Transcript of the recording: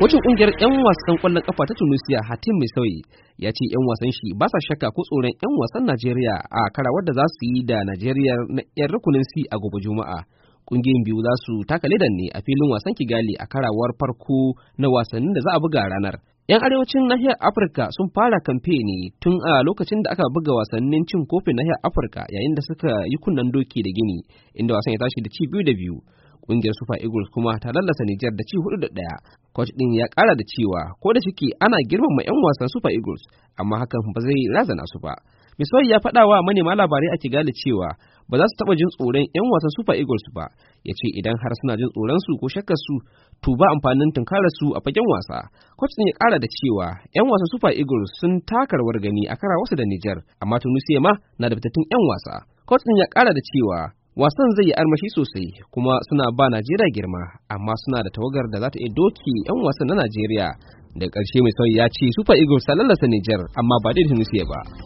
Kocin kungiyar 'yan wasan kwallon kafa ta Tunisia Hatim Mai Sauyi ya ce 'yan wasan shi ba sa shakka ko tsoron 'yan wasan Najeriya a karawar da za su yi da Najeriya na 'yan rukunin si a gobe Juma'a. kungiyar biyu za su taka ledan ne a filin wasan Kigali a karawar farko na wasannin da za a buga ranar. 'Yan arewacin nahiyar Afirka sun fara kamfe ne tun a lokacin da aka buga wasannin cin kofin nahiyar Afirka yayin da suka yi kunnen doki da Gini, inda wasan ya tashi da ci biyu da biyu. Ƙungiyar Super Eagles kuma ta lallasa Nijar da ci hudu da ɗaya. Coach ɗin ya ƙara da cewa ko da shike ana girmama 'yan wasan Super Eagles amma hakan ba zai razana su ba. Misoyi ya faɗa wa manema labarai a Kigali cewa ba za su taɓa jin tsoron 'yan wasan Super Eagles ba, ya ce idan har suna jin tsoron su ko shakkar su to ba amfanin tunkarar su a fagen wasa. Coach ya ƙara da cewa 'yan wasan Super Eagles sun taka rawar gani a kara wasu da Nijar, amma Tunisia ma na da fitattun 'yan wasa. Coach ya ƙara da cewa wasan zai yi armashi sosai kuma suna ba najeriya girma amma suna da tawagar da za ta iya doki 'yan wasan na najeriya da ƙarshe mai sauyi ya ce super eagles ta lallasa Nijar amma ba da tunisia ba